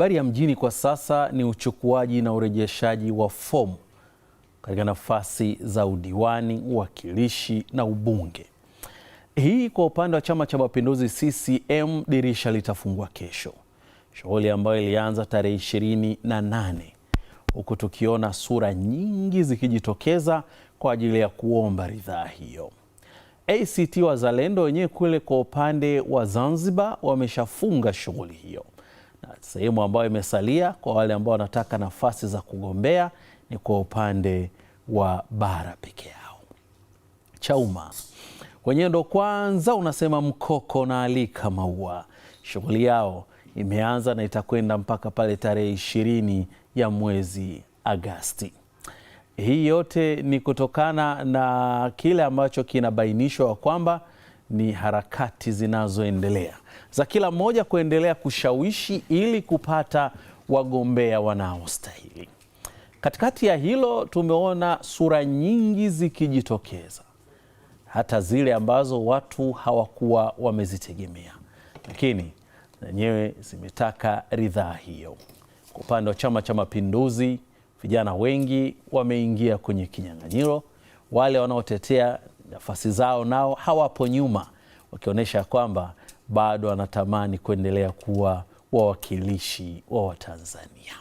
Habari ya mjini kwa sasa ni uchukuaji na urejeshaji wa fomu katika nafasi za udiwani, uwakilishi na ubunge. Hii kwa upande wa Chama cha Mapinduzi CCM, dirisha litafungwa kesho, shughuli ambayo ilianza tarehe ishirini na nane huku tukiona sura nyingi zikijitokeza kwa ajili ya kuomba ridhaa hiyo. ACT Wazalendo wenyewe kule kwa upande wa Zanzibar wameshafunga shughuli hiyo. Sehemu ambayo imesalia kwa wale ambao wanataka nafasi za kugombea ni kwa upande wa bara peke yao. Chauma wenyewe ndo kwanza unasema mkoko na alika maua, shughuli yao imeanza na itakwenda mpaka pale tarehe ishirini ya mwezi Agasti. Hii yote ni kutokana na kile ambacho kinabainishwa kwamba ni harakati zinazoendelea za kila mmoja kuendelea kushawishi ili kupata wagombea wanaostahili. Katikati ya hilo, tumeona sura nyingi zikijitokeza, hata zile ambazo watu hawakuwa wamezitegemea, lakini zenyewe zimetaka ridhaa hiyo. Kwa upande wa Chama cha Mapinduzi, vijana wengi wameingia kwenye kinyang'anyiro. Wale wanaotetea nafasi zao nao hawapo nyuma, wakionyesha kwamba bado anatamani kuendelea kuwa wawakilishi wa Watanzania.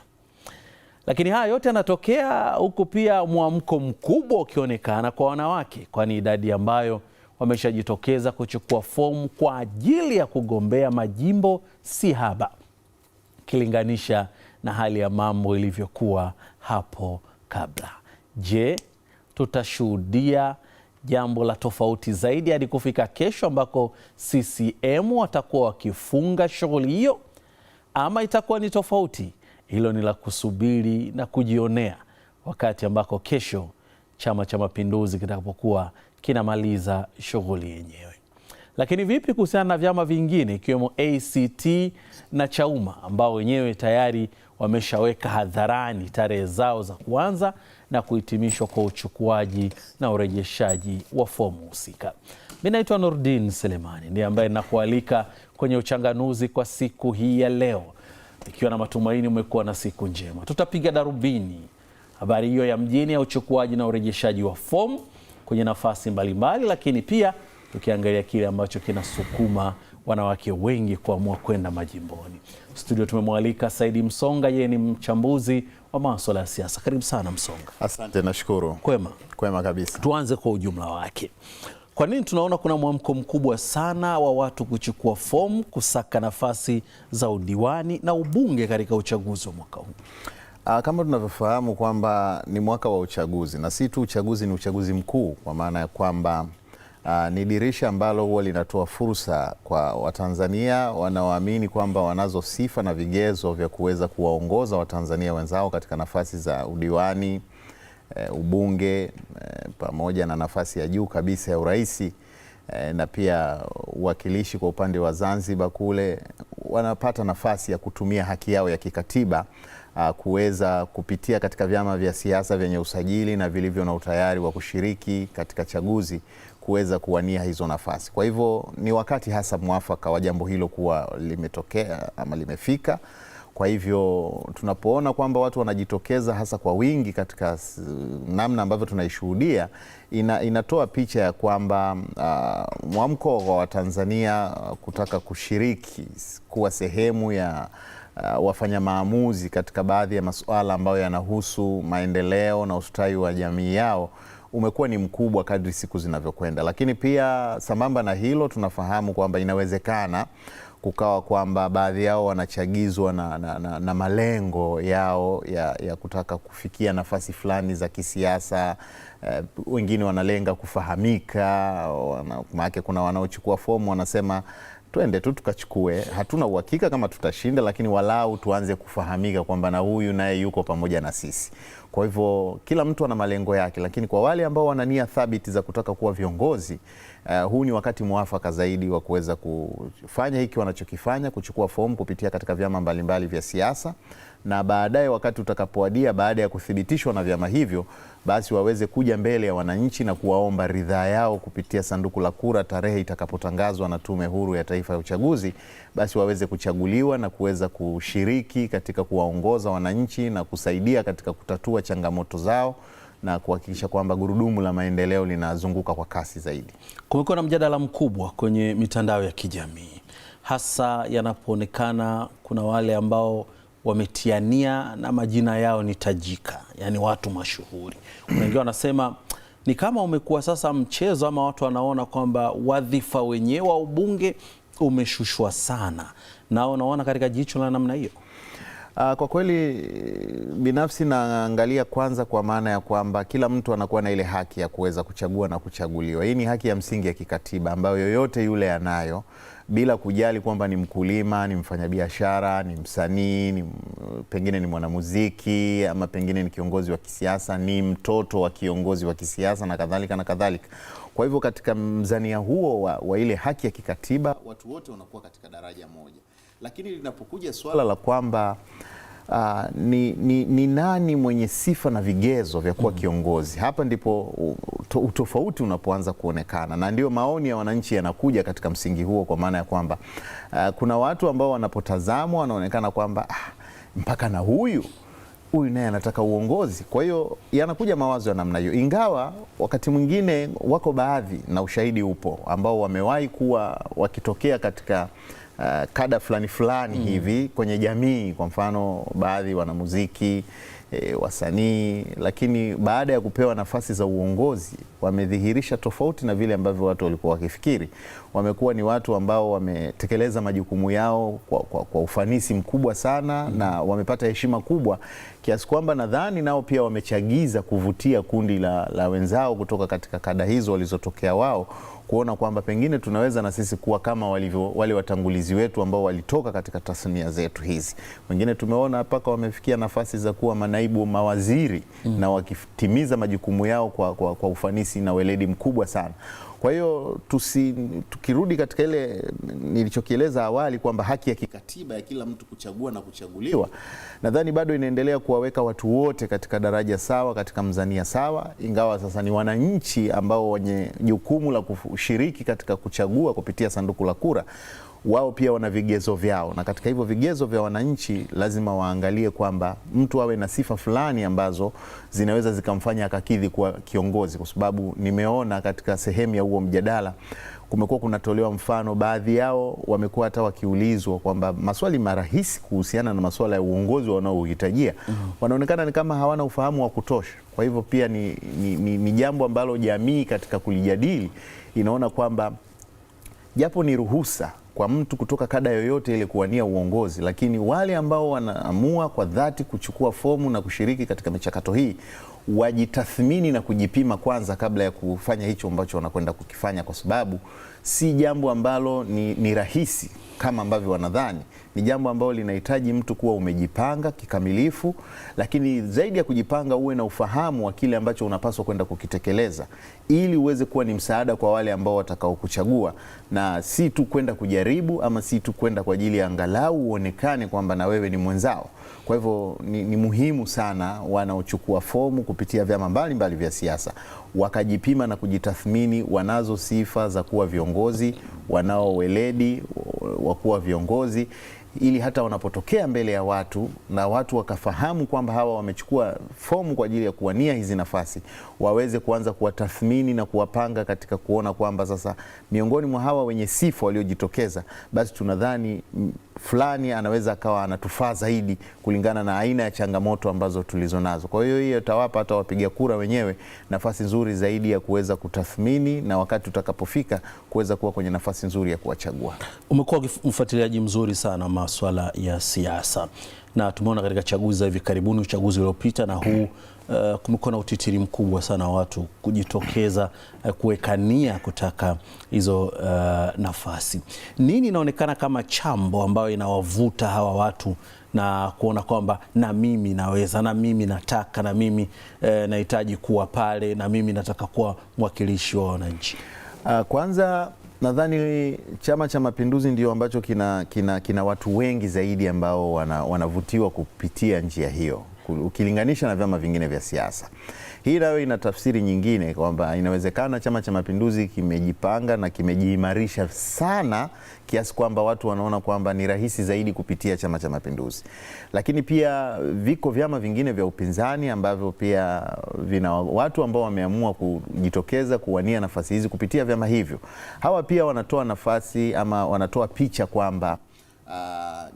Lakini haya yote yanatokea huku pia mwamko mkubwa ukionekana kwa wanawake, kwani idadi ambayo wameshajitokeza kuchukua fomu kwa ajili ya kugombea majimbo si haba ukilinganisha na hali ya mambo ilivyokuwa hapo kabla. Je, tutashuhudia jambo la tofauti zaidi hadi kufika kesho ambako CCM watakuwa wakifunga shughuli hiyo, ama itakuwa ni tofauti, hilo ni la kusubiri na kujionea, wakati ambako kesho Chama cha Mapinduzi kitakapokuwa kinamaliza shughuli yenyewe. Lakini vipi kuhusiana na vyama vingine ikiwemo ACT na Chauma ambao wenyewe tayari wameshaweka hadharani tarehe zao za kuanza na kuhitimishwa kwa uchukuaji na urejeshaji wa fomu husika. Mi naitwa Nordin Selemani, ndiye ambaye nakualika kwenye uchanganuzi kwa siku hii ya leo, ikiwa na matumaini umekuwa na siku njema. Tutapiga darubini habari hiyo ya mjini ya uchukuaji na urejeshaji wa fomu kwenye nafasi mbalimbali mbali, lakini pia tukiangalia kile ambacho kinasukuma wanawake wengi kuamua kwenda majimboni. Studio tumemwalika Saidi Msonga, yeye ni mchambuzi wa maswala ya siasa. Karibu sana Msonga. Asante, nashukuru. Kwema? Kwema kabisa. Tuanze kwa ujumla wake. Kwa nini tunaona kuna mwamko mkubwa sana wa watu kuchukua fomu kusaka nafasi za udiwani na ubunge katika uchaguzi wa mwaka huu? Ah, kama tunavyofahamu kwamba ni mwaka wa uchaguzi, na si tu uchaguzi, ni uchaguzi mkuu, kwa maana ya kwamba Ah, ni dirisha ambalo huwa linatoa fursa kwa Watanzania wanaoamini kwamba wanazo sifa na vigezo vya kuweza kuwaongoza Watanzania wenzao katika nafasi za udiwani, e, ubunge e, pamoja na nafasi ya juu kabisa ya urais e, eh, na pia uwakilishi kwa upande wa Zanzibar kule, wanapata nafasi ya kutumia haki yao ya kikatiba ah, kuweza kupitia katika vyama vya siasa vyenye usajili na vilivyo na utayari wa kushiriki katika chaguzi kuweza kuwania hizo nafasi. Kwa hivyo ni wakati hasa mwafaka wa jambo hilo kuwa limetokea ama limefika. Kwa hivyo tunapoona kwamba watu wanajitokeza hasa kwa wingi katika namna ambavyo tunaishuhudia, ina, inatoa picha ya kwamba uh, mwamko wa Watanzania kutaka kushiriki kuwa sehemu ya uh, wafanya maamuzi katika baadhi ya masuala ambayo yanahusu maendeleo na ustawi wa jamii yao umekuwa ni mkubwa kadri siku zinavyokwenda, lakini pia sambamba na hilo tunafahamu kwamba inawezekana kukawa kwamba baadhi yao wanachagizwa na, na, na, na malengo yao ya, ya kutaka kufikia nafasi fulani za kisiasa. Uh, wengine wanalenga kufahamika, maanake kuna wanaochukua fomu wanasema twende tu tukachukue. Hatuna uhakika kama tutashinda, lakini walau tuanze kufahamika kwamba na huyu naye yuko pamoja na sisi. Kwa hivyo kila mtu ana malengo yake, lakini kwa wale ambao wana nia thabiti za kutaka kuwa viongozi uh, huu ni wakati mwafaka zaidi wa kuweza kufanya hiki wanachokifanya, kuchukua fomu kupitia katika vyama mbalimbali mbali vya siasa na baadaye wakati utakapowadia, baada ya kuthibitishwa na vyama hivyo, basi waweze kuja mbele ya wananchi na kuwaomba ridhaa yao kupitia sanduku la kura tarehe itakapotangazwa na Tume Huru ya Taifa ya Uchaguzi, basi waweze kuchaguliwa na kuweza kushiriki katika kuwaongoza wananchi na kusaidia katika kutatua changamoto zao na kuhakikisha kwamba gurudumu la maendeleo linazunguka kwa kasi zaidi. Kumekuwa na mjadala mkubwa kwenye mitandao ya kijamii, hasa yanapoonekana kuna wale ambao wametiania na majina yao ni tajika, yani watu mashuhuri. Wengi wanasema ni kama umekuwa sasa mchezo ama watu wanaona kwamba wadhifa wenyewe wa ubunge umeshushwa sana, nao unaona katika jicho la namna hiyo. Uh, kwa kweli binafsi naangalia kwanza kwa maana ya kwamba kila mtu anakuwa na ile haki ya kuweza kuchagua na kuchaguliwa. Hii ni haki ya msingi ya kikatiba ambayo yoyote yule anayo bila kujali kwamba ni mkulima, ni mfanyabiashara, ni msanii, ni pengine ni mwanamuziki ama pengine ni kiongozi wa kisiasa, ni mtoto wa kiongozi wa kisiasa na kadhalika na kadhalika. Kwa hivyo katika mzania huo wa, wa ile haki ya kikatiba watu wote wanakuwa katika daraja moja. Lakini linapokuja swala la kwamba Uh, ni, ni, ni nani mwenye sifa na vigezo vya kuwa mm -hmm. kiongozi? Hapa ndipo utofauti unapoanza kuonekana, na ndio maoni ya wananchi yanakuja katika msingi huo, kwa maana ya kwamba uh, kuna watu ambao wanapotazamwa wanaonekana kwamba ah, mpaka na huyu huyu naye anataka uongozi. Kwa hiyo yanakuja mawazo ya namna hiyo, ingawa wakati mwingine wako baadhi, na ushahidi upo, ambao wamewahi kuwa wakitokea katika uh, kada fulani fulani mm. hivi kwenye jamii, kwa mfano baadhi wanamuziki E, wasanii lakini baada ya kupewa nafasi za uongozi wamedhihirisha tofauti na vile ambavyo watu walikuwa wakifikiri. Wamekuwa ni watu ambao wametekeleza majukumu yao kwa, kwa, kwa ufanisi mkubwa sana mm -hmm. na wamepata heshima kubwa kiasi kwamba nadhani nao pia wamechagiza kuvutia kundi la, la wenzao kutoka katika kada hizo walizotokea wao kuona kwamba pengine tunaweza na sisi kuwa kama walivyo wale watangulizi wetu ambao walitoka katika tasnia zetu hizi. Wengine tumeona mpaka wamefikia nafasi za kuwa manaibu mawaziri mm. na wakitimiza majukumu yao kwa, kwa, kwa ufanisi na weledi mkubwa sana. Kwa hiyo tusi, tukirudi katika ile nilichokieleza awali kwamba haki ya kikatiba ya kila mtu kuchagua na kuchaguliwa, nadhani bado inaendelea kuwaweka watu wote katika daraja sawa, katika mzania sawa, ingawa sasa ni wananchi ambao wenye jukumu la kushiriki katika kuchagua kupitia sanduku la kura wao pia wana vigezo vyao, na katika hivyo vigezo vya wananchi lazima waangalie kwamba mtu awe na sifa fulani ambazo zinaweza zikamfanya akakidhi kuwa kiongozi, kwa sababu nimeona katika sehemu ya huo mjadala kumekuwa kunatolewa mfano, baadhi yao wamekuwa hata wakiulizwa kwamba maswali marahisi kuhusiana na masuala ya uongozi wanaohitajia mm -hmm. wanaonekana ni kama hawana ufahamu wa kutosha. Kwa hivyo pia ni, ni, ni, ni jambo ambalo jamii katika kulijadili inaona kwamba japo ni ruhusa kwa mtu kutoka kada yoyote ile kuwania uongozi, lakini wale ambao wanaamua kwa dhati kuchukua fomu na kushiriki katika michakato hii wajitathmini na kujipima kwanza kabla ya kufanya hicho ambacho wanakwenda kukifanya, kwa sababu si jambo ambalo ni, ni rahisi kama ambavyo wanadhani. Ni jambo ambalo linahitaji mtu kuwa umejipanga kikamilifu, lakini zaidi ya kujipanga, uwe na ufahamu wa kile ambacho unapaswa kwenda kukitekeleza, ili uweze kuwa ni msaada kwa wale ambao watakaokuchagua, na si tu kwenda kujaribu ama si tu kwenda kwa ajili ya angalau uonekane kwamba na wewe ni mwenzao. Kwa hivyo ni, ni muhimu sana wanaochukua fomu kupitia vyama mbalimbali vya siasa wakajipima na kujitathmini, wanazo sifa za kuwa viongozi, wanao weledi wa kuwa viongozi ili hata wanapotokea mbele ya watu na watu wakafahamu kwamba hawa wamechukua fomu kwa ajili ya kuwania hizi nafasi, waweze kuanza kuwatathmini na kuwapanga katika kuona kwamba sasa miongoni mwa hawa wenye sifa waliojitokeza, basi tunadhani fulani anaweza akawa anatufaa zaidi kulingana na aina ya changamoto ambazo tulizonazo. Kwa hiyo hiyo itawapa hata wapiga kura wenyewe nafasi nzuri zaidi ya kuweza kutathmini, na wakati utakapofika kuweza kuwa kwenye nafasi nzuri ya kuwachagua. Umekuwa mfuatiliaji mzuri sana maswala ya siasa na tumeona katika chaguzi za hivi karibuni, uchaguzi uliopita na huu uh, kumekuwa na utitiri mkubwa sana wa watu kujitokeza uh, kuweka nia kutaka hizo uh, nafasi. Nini inaonekana kama chambo ambayo inawavuta hawa watu na kuona kwamba na mimi naweza, na mimi nataka, na mimi eh, nahitaji kuwa pale, na mimi nataka kuwa mwakilishi wa wananchi? Ah, kwanza nadhani Chama cha Mapinduzi ndio ambacho kina, kina, kina watu wengi zaidi ambao wanavutiwa kupitia njia hiyo ukilinganisha na vyama vingine vya siasa. Ila ina tafsiri nyingine kwamba inawezekana Chama cha Mapinduzi kimejipanga na kimejiimarisha sana kiasi kwamba watu wanaona kwamba ni rahisi zaidi kupitia Chama cha Mapinduzi. Lakini pia viko vyama vingine vya upinzani ambavyo pia vina watu ambao wameamua kujitokeza kuwania nafasi hizi kupitia vyama hivyo. Hawa pia wanatoa nafasi ama wanatoa picha kwamba Uh,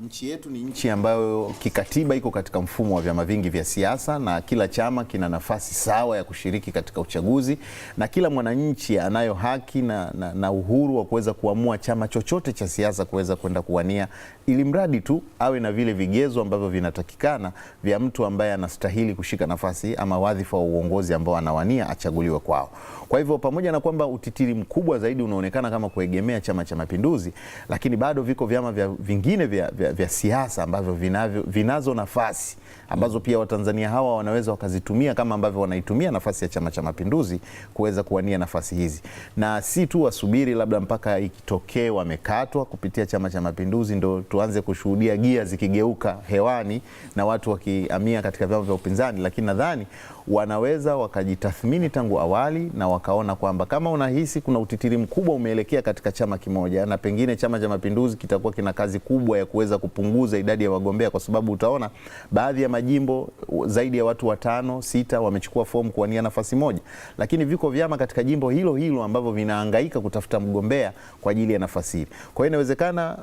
nchi yetu ni nchi ambayo kikatiba iko katika mfumo wa vyama vingi vya siasa na kila chama kina nafasi sawa ya kushiriki katika uchaguzi na kila mwananchi anayo haki na, na, na uhuru wa kuweza kuamua chama chochote cha siasa kuweza kwenda kuwania, ili mradi tu awe na vile vigezo ambavyo vinatakikana vya mtu ambaye anastahili kushika nafasi ama wadhifa wa uongozi ambao anawania achaguliwe kwao. Kwa hivyo pamoja na kwamba utitiri mkubwa zaidi unaonekana kama kuegemea Chama cha Mapinduzi, lakini bado viko vyama vya vingine vya, vya, vya siasa ambavyo vinavyo, vinazo nafasi ambazo pia Watanzania hawa wanaweza wakazitumia kama ambavyo wanaitumia nafasi ya Chama cha Mapinduzi kuweza kuwania nafasi hizi, na si tu wasubiri labda mpaka ikitokee wamekatwa kupitia Chama cha Mapinduzi ndo tuanze kushuhudia gia zikigeuka hewani na watu wakihamia katika vyama vya upinzani, lakini nadhani wanaweza wakajitathmini tangu awali na wakaona kwamba kama unahisi kuna utitiri mkubwa umeelekea katika chama kimoja, na pengine Chama cha Mapinduzi kitakuwa kina kazi kubwa ya kuweza kupunguza idadi ya wagombea, kwa sababu utaona baadhi ya majimbo zaidi ya watu watano sita wamechukua fomu kuwania nafasi moja, lakini viko vyama katika jimbo hilo hilo ambavyo vinahangaika kutafuta mgombea kwa ajili ya nafasi hii. Kwa hiyo inawezekana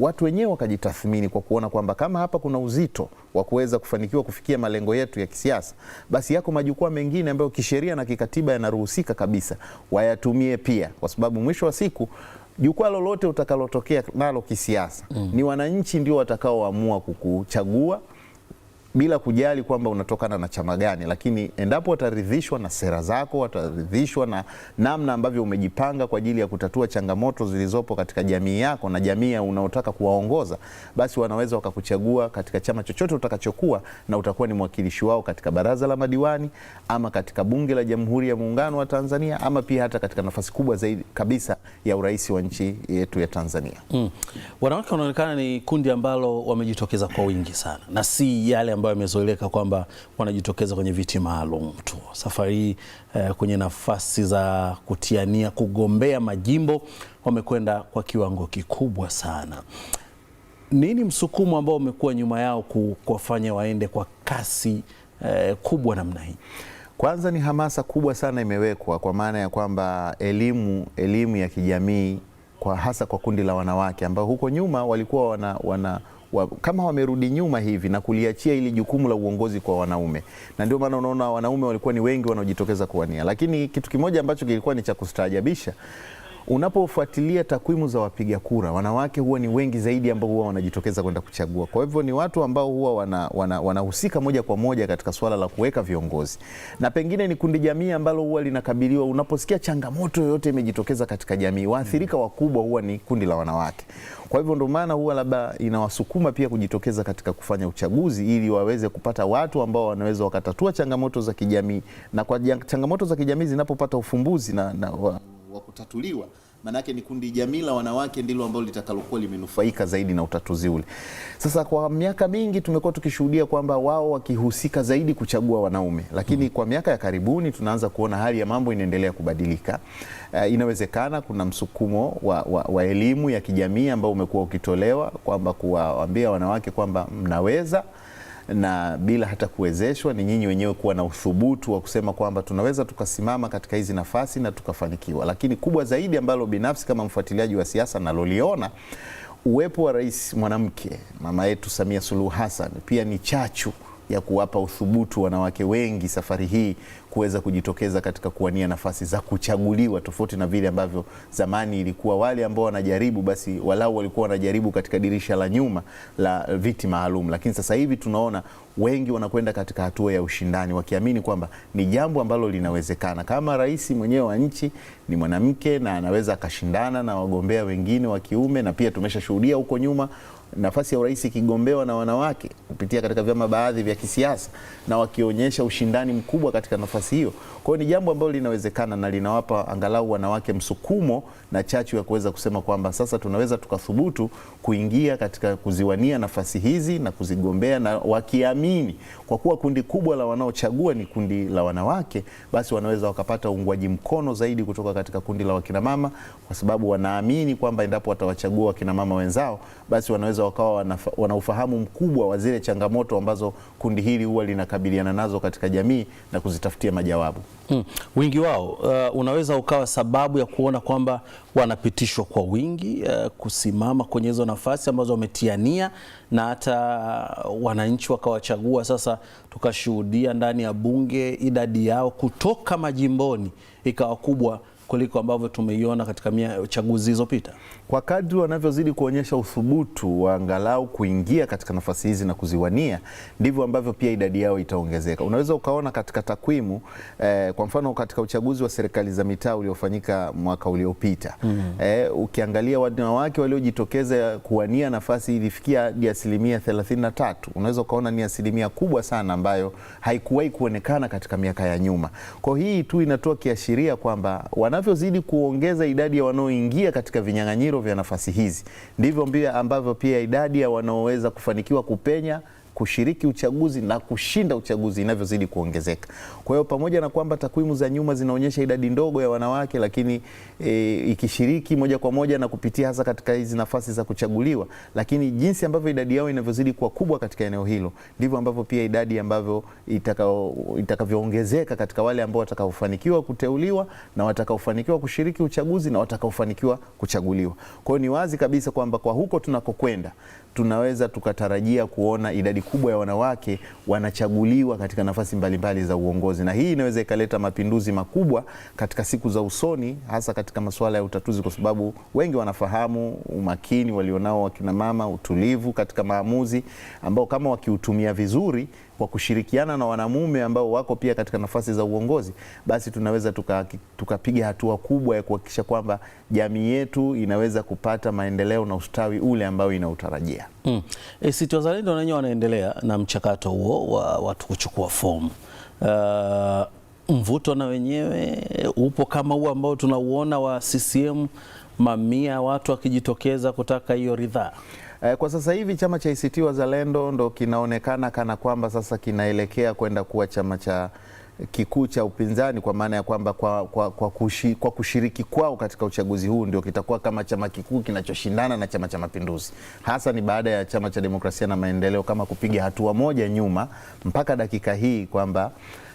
watu wenyewe wakajitathmini kwa kuona kwamba kama hapa kuna uzito wa kuweza kufanikiwa kufikia malengo yetu ya kisiasa, basi yako majukwaa mengine ambayo kisheria na kikatiba yanaruhusika kabisa, wayatumie pia, kwa sababu mwisho wa siku jukwaa lolote utakalotokea nalo kisiasa mm, ni wananchi ndio watakaoamua kukuchagua bila kujali kwamba unatokana na chama gani, lakini endapo wataridhishwa na sera zako, wataridhishwa na namna ambavyo umejipanga kwa ajili ya kutatua changamoto zilizopo katika jamii yako na jamii unaotaka kuwaongoza, basi wanaweza wakakuchagua katika chama chochote utakachokuwa, na utakuwa ni mwakilishi wao katika baraza la madiwani ama katika bunge la Jamhuri ya Muungano wa Tanzania ama pia hata katika nafasi kubwa zaidi kabisa ya urais wa nchi yetu ya Tanzania. Mm. Wanawake wanaonekana ni kundi ambalo wamejitokeza kwa wingi sana na si yale ambayo yamezoeleka kwamba wanajitokeza kwenye viti maalum tu. Safari hii eh, kwenye nafasi za kutiania kugombea majimbo wamekwenda kwa kiwango kikubwa sana. Nini msukumo ambao umekuwa nyuma yao kuwafanya waende kwa kasi eh, kubwa namna hii? Kwanza ni hamasa kubwa sana imewekwa kwa maana ya kwamba elimu elimu ya kijamii kwa hasa kwa kundi la wanawake ambao huko nyuma walikuwa wana, wana wa, kama wamerudi nyuma hivi na kuliachia ili jukumu la uongozi kwa wanaume, na ndio maana unaona wanaume walikuwa ni wengi wanaojitokeza kuwania. Lakini kitu kimoja ambacho kilikuwa ni cha kustaajabisha unapofuatilia takwimu za wapiga kura, wanawake huwa ni wengi zaidi ambao huwa wanajitokeza kwenda kuchagua. Kwa hivyo ni watu ambao huwa wanahusika wana, wana moja kwa moja katika swala la kuweka viongozi, na pengine ni kundi jamii ambalo huwa linakabiliwa, unaposikia changamoto yoyote imejitokeza katika jamii, waathirika mm. wakubwa huwa ni kundi la wanawake. Kwa hivyo ndio maana huwa labda inawasukuma pia kujitokeza katika kufanya uchaguzi ili waweze kupata watu ambao wanaweza wakatatua changamoto za kijamii, na kwa changamoto za kijamii zinapopata ufumbuzi na, na wa wa kutatuliwa, maanake ni kundi jamii la wanawake ndilo ambalo litakalokuwa limenufaika zaidi na utatuzi ule. Sasa kwa miaka mingi tumekuwa tukishuhudia kwamba wao wakihusika zaidi kuchagua wanaume, lakini hmm, kwa miaka ya karibuni tunaanza kuona hali ya mambo inaendelea kubadilika. Uh, inawezekana kuna msukumo wa, wa, wa elimu ya kijamii ambao umekuwa ukitolewa kwamba kuwaambia wanawake kwamba mnaweza na bila hata kuwezeshwa, ni nyinyi wenyewe kuwa na uthubutu wa kusema kwamba tunaweza tukasimama katika hizi nafasi na tukafanikiwa. Lakini kubwa zaidi ambalo binafsi kama mfuatiliaji wa siasa naloliona uwepo wa rais mwanamke mama yetu Samia Suluhu Hassan pia ni chachu ya kuwapa uthubutu wanawake wengi safari hii kuweza kujitokeza katika kuwania nafasi za kuchaguliwa, tofauti na vile ambavyo zamani ilikuwa wale ambao wanajaribu basi walau walikuwa wanajaribu katika dirisha la nyuma la viti maalum, lakini sasa hivi tunaona wengi wanakwenda katika hatua ya ushindani wakiamini kwamba ni jambo ambalo linawezekana, kama rais mwenyewe wa nchi ni mwanamke na anaweza akashindana na wagombea wengine wa kiume, na pia tumeshashuhudia huko nyuma nafasi ya urais ikigombewa na wanawake kupitia katika vyama baadhi vya kisiasa na wakionyesha ushindani mkubwa katika nafasi nafasi hiyo. Kwa hiyo ni jambo ambalo linawezekana na linawapa angalau wanawake msukumo na chachu ya kuweza kusema kwamba sasa tunaweza tukathubutu kuingia katika kuziwania nafasi hizi na kuzigombea, na wakiamini kwa kuwa kundi kubwa la wanaochagua ni kundi la wanawake, basi wanaweza wakapata uungwaji mkono zaidi kutoka katika kundi la wakinamama, kwa sababu wanaamini kwamba endapo watawachagua mama wenzao, basi wanaweza wakawa wana ufahamu mkubwa wa zile changamoto ambazo kundi hili huwa linakabiliana nazo katika jamii na kuzitafutia kupatia majawabu. hmm. Wingi wao uh, unaweza ukawa sababu ya kuona kwamba wanapitishwa kwa wingi uh, kusimama kwenye hizo nafasi ambazo wametiania na hata uh, wananchi wakawachagua. Sasa tukashuhudia ndani ya bunge idadi yao kutoka majimboni ikawa kubwa kuliko ambavyo tumeiona katika chaguzi zilizopita. Kwa kadri wanavyozidi kuonyesha uthubutu wa angalau kuingia katika nafasi hizi na kuziwania, ndivyo ambavyo pia idadi yao itaongezeka. Unaweza ukaona katika takwimu eh, kwa mfano katika uchaguzi wa serikali za mitaa uliofanyika mwaka uliopita mm -hmm. eh, ukiangalia wanawake waliojitokeza kuwania nafasi ilifikia hadi asilimia 33. Unaweza ukaona ni asilimia kubwa sana ambayo haikuwahi kuonekana katika miaka ya nyuma. Kwa hii tu inatoa kiashiria kwamba wana tunavyozidi kuongeza idadi ya wanaoingia katika vinyang'anyiro vya nafasi hizi ndivyo ambavyo pia idadi ya wanaoweza kufanikiwa kupenya kushiriki uchaguzi na kushinda uchaguzi inavyozidi kuongezeka. Kwa hiyo pamoja na kwamba takwimu za nyuma zinaonyesha idadi ndogo ya wanawake, lakini e, ikishiriki moja kwa moja na kupitia hasa katika hizi nafasi za kuchaguliwa, lakini jinsi ambavyo idadi yao inavyozidi kuwa kubwa katika eneo hilo ndivyo ambavyo pia idadi ambavyo itakavyoongezeka itaka katika wale ambao watakaofanikiwa kuteuliwa na watakaofanikiwa kushiriki uchaguzi na watakaofanikiwa kuchaguliwa. Kwa hiyo ni wazi kabisa kwamba kwa huko tunakokwenda tunaweza tukatarajia kuona idadi kubwa ya wanawake wanachaguliwa katika nafasi mbalimbali za uongozi, na hii inaweza ikaleta mapinduzi makubwa katika siku za usoni, hasa katika masuala ya utatuzi, kwa sababu wengi wanafahamu umakini walionao wakina mama, utulivu katika maamuzi ambao kama wakiutumia vizuri kwa kushirikiana na wanamume ambao wako pia katika nafasi za uongozi, basi tunaweza tukapiga tuka hatua kubwa ya kuhakikisha kwamba jamii yetu inaweza kupata maendeleo na ustawi ule ambao inautarajia. Mm. Eh, ACT Wazalendo wenyewe wanaendelea na mchakato huo wa watu kuchukua fomu uh, mvuto na wenyewe upo kama huo ambao tunauona wa CCM, mamia watu wakijitokeza kutaka hiyo ridhaa. Eh, kwa sasa hivi chama cha ACT Wazalendo ndo kinaonekana kana kwamba sasa kinaelekea kwenda kuwa chama cha kikuu cha upinzani kwa maana ya kwamba kwa, kwa, kwa, kushi, kwa kushiriki kwao katika uchaguzi huu ndio kitakuwa kama chama kikuu kinachoshindana na Chama cha Mapinduzi. Hasa ni baada ya Chama cha Demokrasia na Maendeleo kama kupiga hatua moja nyuma mpaka dakika hii kwamba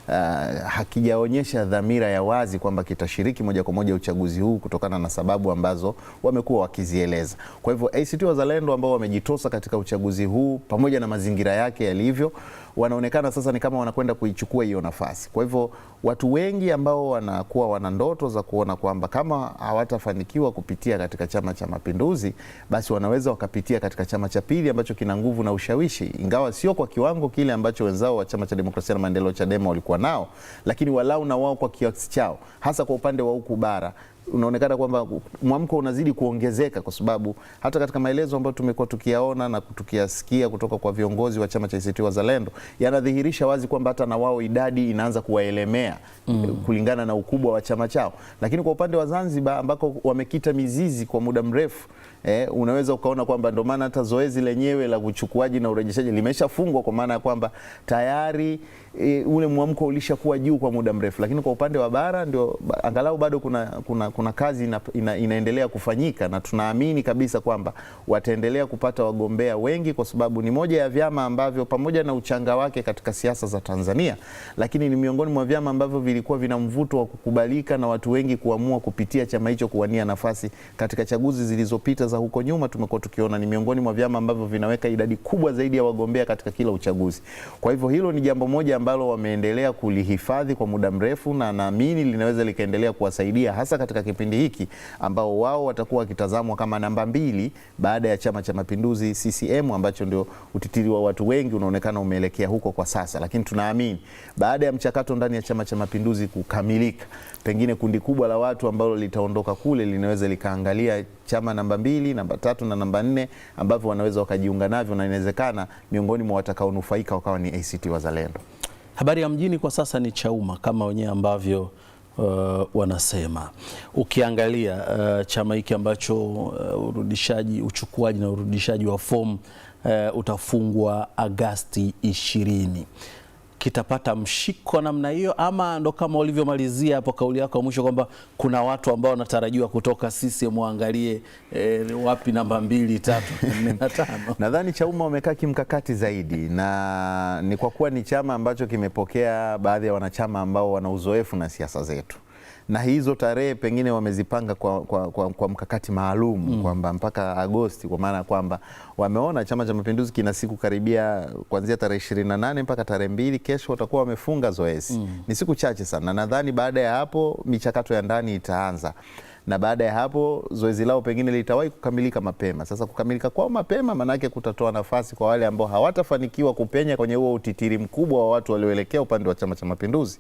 uh, hakijaonyesha dhamira ya wazi kwamba kitashiriki moja kwa moja uchaguzi huu kutokana na sababu ambazo wamekuwa wakizieleza. Kwa hivyo ACT Wazalendo ambao wamejitosa katika uchaguzi huu pamoja na mazingira yake yalivyo wanaonekana sasa ni kama wanakwenda kuichukua hiyo nafasi. Kwa hivyo watu wengi ambao wanakuwa wana ndoto za kuona kwamba kama hawatafanikiwa kupitia katika Chama cha Mapinduzi, basi wanaweza wakapitia katika chama cha pili ambacho kina nguvu na ushawishi, ingawa sio kwa kiwango kile ambacho wenzao wa Chama cha Demokrasia na Maendeleo, Chadema, walikuwa nao, lakini walau na wao kwa kiasi chao, hasa kwa upande wa huku bara unaonekana kwamba mwamko unazidi kuongezeka kwa sababu hata katika maelezo ambayo tumekuwa tukiyaona na tukiyasikia kutoka kwa viongozi wa chama cha ACT Wazalendo yanadhihirisha wazi kwamba hata na wao idadi inaanza kuwaelemea mm. kulingana na ukubwa wa chama chao. Lakini kwa upande wa Zanzibar ambako wamekita mizizi kwa muda mrefu eh, unaweza ukaona kwamba ndio maana hata zoezi lenyewe la uchukuaji na urejeshaji limeshafungwa kwa maana ya kwamba tayari e, ule mwamko ulishakuwa juu kwa muda mrefu, lakini kwa upande wa bara ndio angalau bado kuna, kuna, kuna kazi ina, ina, inaendelea kufanyika na tunaamini kabisa kwamba wataendelea kupata wagombea wengi, kwa sababu ni moja ya vyama ambavyo pamoja na uchanga wake katika siasa za Tanzania, lakini ni miongoni mwa vyama ambavyo vilikuwa vina mvuto wa kukubalika na watu wengi kuamua kupitia chama hicho kuwania nafasi katika chaguzi zilizopita za huko nyuma tumekuwa tukiona ni miongoni mwa vyama ambavyo vinaweka idadi kubwa zaidi ya wagombea katika kila uchaguzi. Kwa hivyo hilo ni jambo moja ambalo wameendelea kulihifadhi kwa muda mrefu, na naamini linaweza likaendelea kuwasaidia hasa katika kipindi hiki ambao wao watakuwa wakitazamwa kama namba mbili baada ya Chama cha Mapinduzi CCM, ambacho ndio utitiri wa watu wengi unaonekana umeelekea huko kwa sasa, lakini tunaamini baada ya mchakato ndani ya Chama cha Mapinduzi kukamilika pengine kundi kubwa la watu ambalo litaondoka kule linaweza likaangalia chama namba mbili, namba tatu na namba nne ambavyo wanaweza wakajiunga navyo, na inawezekana miongoni mwa watakaonufaika wakawa ni ACT Wazalendo. Habari ya mjini kwa sasa ni Chauma kama wenyewe ambavyo Uh, wanasema ukiangalia uh, chama hiki ambacho uh, urudishaji uchukuaji na urudishaji wa fomu uh, utafungwa Agasti ishirini kitapata mshiko namna hiyo, ama ndo kama ulivyomalizia hapo kauli yako ya mwisho kwamba kuna watu ambao wanatarajiwa kutoka CCM waangalie e, eh, wapi namba mbili, tatu, nne na tano? Nadhani Chauma wamekaa kimkakati zaidi, na ni kwa kuwa ni chama ambacho kimepokea baadhi ya wanachama ambao wana uzoefu na siasa zetu na hizo tarehe pengine wamezipanga kwa, kwa, kwa, kwa mkakati maalum mm. kwamba mpaka Agosti, kwa maana ya kwamba wameona Chama cha Mapinduzi kina siku karibia kuanzia tarehe ishirini na nane mpaka tarehe mbili kesho watakuwa wamefunga zoezi mm. ni siku chache sana. Nadhani baada ya hapo michakato ya ndani itaanza na baada ya hapo zoezi lao pengine litawahi kukamilika mapema. Sasa kukamilika kwao mapema, maanake kutatoa nafasi kwa wale ambao hawatafanikiwa kupenya kwenye huo utitiri mkubwa wa watu walioelekea upande wa Chama cha Mapinduzi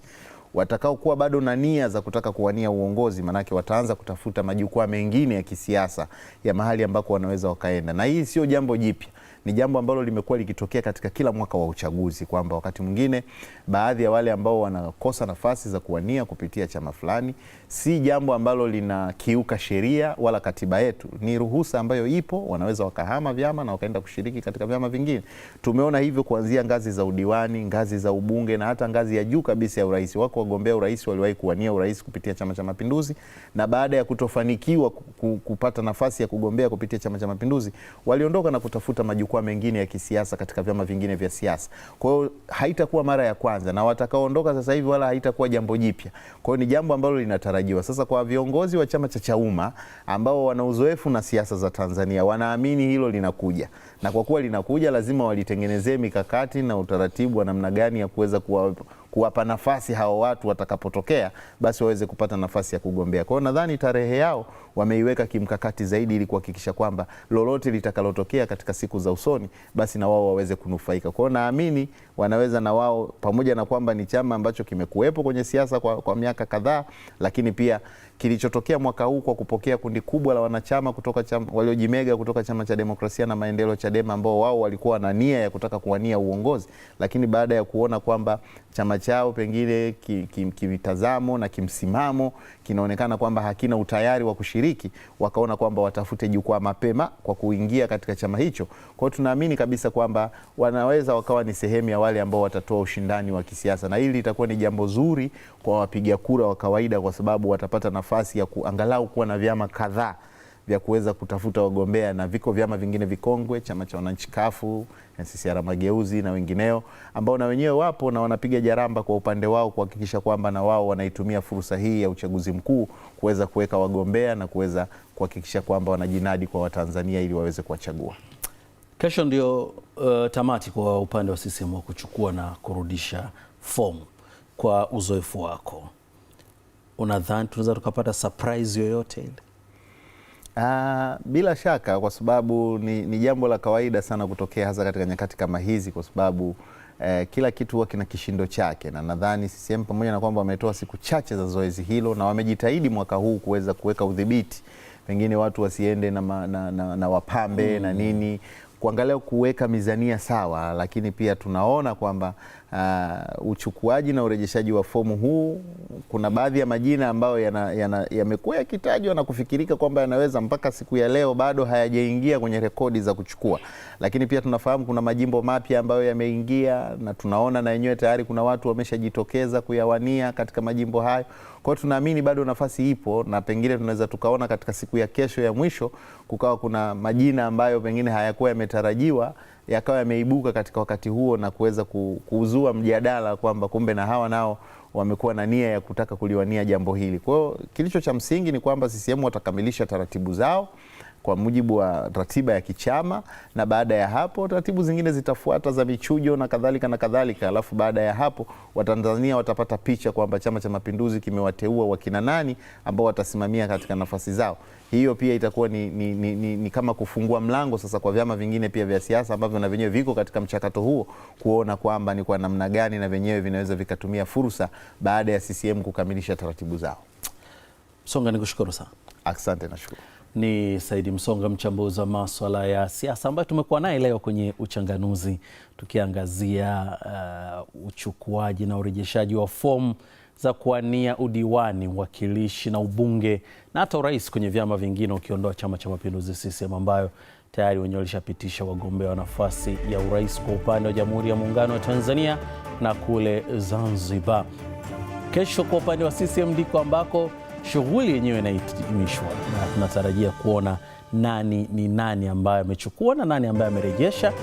watakaokuwa bado na nia za kutaka kuwania uongozi, maanake wataanza kutafuta majukwaa mengine ya kisiasa ya mahali ambako wanaweza wakaenda, na hii sio jambo jipya ni jambo ambalo limekuwa likitokea katika kila mwaka wa uchaguzi, kwamba wakati mwingine baadhi ya wale ambao wanakosa nafasi za kuwania kupitia chama fulani si jambo ambalo linakiuka sheria wala katiba yetu. Ni ruhusa ambayo ipo, wanaweza wakahama vyama na wakaenda kushiriki katika vyama vingine. Tumeona hivyo kuanzia ngazi za udiwani, ngazi za ubunge na hata ngazi ya juu kabisa ya urais. Wako wagombea urais waliwahi kuwania urais kupitia Chama cha Mapinduzi, na baada ya kutofanikiwa kupata nafasi ya kugombea kupitia Chama cha Mapinduzi, waliondoka na kutafuta majukwaa mengine ya kisiasa katika vyama vingine vya siasa. Kwa hiyo haitakuwa mara ya kwanza, na watakaoondoka sasa hivi wala haitakuwa jambo jipya. Kwa hiyo ni jambo ambalo linatarajiwa yanatarajiwa. Sasa kwa viongozi wa chama cha Chauma ambao wana uzoefu na siasa za Tanzania, wanaamini hilo linakuja, na kwa kuwa linakuja, lazima walitengenezee mikakati na utaratibu wa namna gani ya kuweza kuwa kuwapa nafasi hao watu watakapotokea, basi waweze kupata nafasi ya kugombea. Kwa hiyo nadhani tarehe yao wameiweka kimkakati zaidi ili kuhakikisha kwamba lolote litakalotokea katika siku za usoni, basi na wao waweze kunufaika. Kwa naamini wanaweza na wao, pamoja na kwamba ni chama ambacho kimekuwepo kwenye siasa kwa, kwa miaka kadhaa, lakini pia kilichotokea mwaka huu kwa kupokea kundi kubwa la wanachama kutoka chama, waliojimega kutoka chama cha demokrasia na maendeleo Chadema, ambao wao walikuwa na nia ya kutaka kuwania uongozi, lakini baada ya kuona kwamba chama chao pengine kimitazamo ki, ki, na kimsimamo kinaonekana kwamba hakina utayari wa kushiriki kushiriki wakaona kwamba watafute jukwaa mapema kwa kuingia katika chama hicho. Kwa hiyo tunaamini kabisa kwamba wanaweza wakawa ni sehemu ya wale ambao watatoa ushindani wa kisiasa, na hili litakuwa ni jambo zuri kwa wapiga kura wa kawaida, kwa sababu watapata nafasi ya kuangalau kuwa na vyama kadhaa vya kuweza kutafuta wagombea, na viko vyama vingine vikongwe, chama cha wananchi kafu, NCCR Mageuzi na wengineo, ambao na wenyewe wapo na wanapiga jaramba kwa upande wao kuhakikisha kwamba na wao wanaitumia fursa hii ya uchaguzi mkuu kuweza kuweka wagombea na kuweza kuhakikisha kwamba wanajinadi kwa Watanzania ili waweze kuwachagua. Kesho ndio uh, tamati kwa upande wa CCM wa kuchukua na kurudisha fomu. Kwa uzoefu wako, unadhani tunaweza tukapata surprise yoyote ile? Uh, bila shaka kwa sababu ni, ni jambo la kawaida sana kutokea hasa katika nyakati kama hizi kwa sababu eh, kila kitu huwa kina kishindo chake, na nadhani CCM pamoja na kwamba wametoa siku chache za zoezi hilo na wamejitahidi mwaka huu kuweza kuweka udhibiti, pengine watu wasiende na, ma, na, na, na wapambe mm, na nini kuangalia kuweka mizania sawa, lakini pia tunaona kwamba Uh, uchukuaji na urejeshaji wa fomu huu, kuna baadhi ya majina ambayo yamekuwa ya yakitajwa na kufikirika kwamba yanaweza mpaka siku ya leo bado hayajaingia kwenye rekodi za kuchukua, lakini pia tunafahamu kuna majimbo mapya ambayo yameingia na tunaona na yenyewe tayari kuna watu wameshajitokeza kuyawania katika majimbo hayo. Kwa hiyo tunaamini bado nafasi ipo na pengine tunaweza tukaona katika siku ya kesho ya mwisho kukawa kuna majina ambayo pengine hayakuwa yametarajiwa yakawa yameibuka katika wakati huo na kuweza kuzua mjadala kwamba kumbe na hawa nao wamekuwa na nia ya kutaka kuliwania jambo hili. Kwa hiyo kilicho cha msingi ni kwamba CCM watakamilisha taratibu zao kwa mujibu wa ratiba ya kichama, na baada ya hapo taratibu zingine zitafuata za michujo na kadhalika na kadhalika. Alafu baada ya hapo Watanzania watapata picha kwamba Chama cha Mapinduzi kimewateua wakina nani ambao watasimamia katika nafasi zao. Hiyo pia itakuwa ni, ni, ni, ni, ni kama kufungua mlango sasa kwa vyama vingine pia vya siasa ambavyo na vyenyewe viko katika mchakato huo kuona kwamba ni kwa namna gani na vyenyewe vinaweza vikatumia fursa baada ya CCM kukamilisha taratibu zao. Songa, nikushukuru sana. Asante, nashukuru. Ni Saidi Msonga, mchambuzi wa maswala ya siasa, ambaye tumekuwa naye leo kwenye Uchanganuzi tukiangazia uh, uchukuaji na urejeshaji wa fomu za kuwania udiwani, uwakilishi na ubunge na hata urais kwenye vyama vingine, ukiondoa Chama cha Mapinduzi CCM ambayo tayari wenyewe walishapitisha wagombea wa nafasi ya urais kwa upande wa Jamhuri ya Muungano wa Tanzania na kule Zanzibar. Kesho kwa upande wa CCM ndiko ambako shughuli yenyewe inahitimishwa na tunatarajia kuona nani ni nani ambaye amechukua na nani ambaye amerejesha,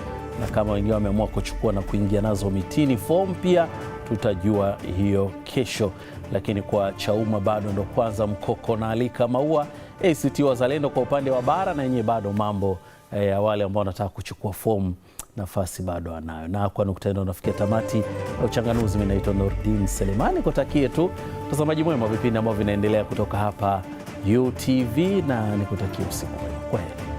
na kama wengine wameamua kuchukua na kuingia nazo mitini fomu pia tutajua hiyo kesho. Lakini kwa Chauma bado ndo kwanza mkoko na alika maua. ACT Wazalendo kwa upande wa bara na yenyewe bado mambo eh, ya eh, wale ambao wanataka kuchukua fomu nafasi bado anayo. Na kwa nukta hino unafikia tamati ya uchanganuzi. Mimi naitwa Nurdin Selemani, kutakie tu mtazamaji mwema vipindi ambavyo vinaendelea kutoka hapa UTV na nikutakie usiku mwema, kwa heri.